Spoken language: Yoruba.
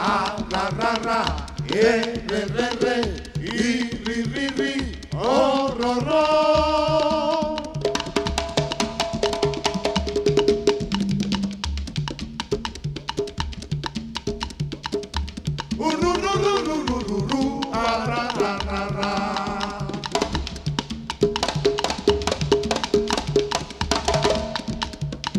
a la ra ra, e eh, re re re, i ri ri ri, o ro ro. U ru ru ru ru ru ru, a ra ra ra.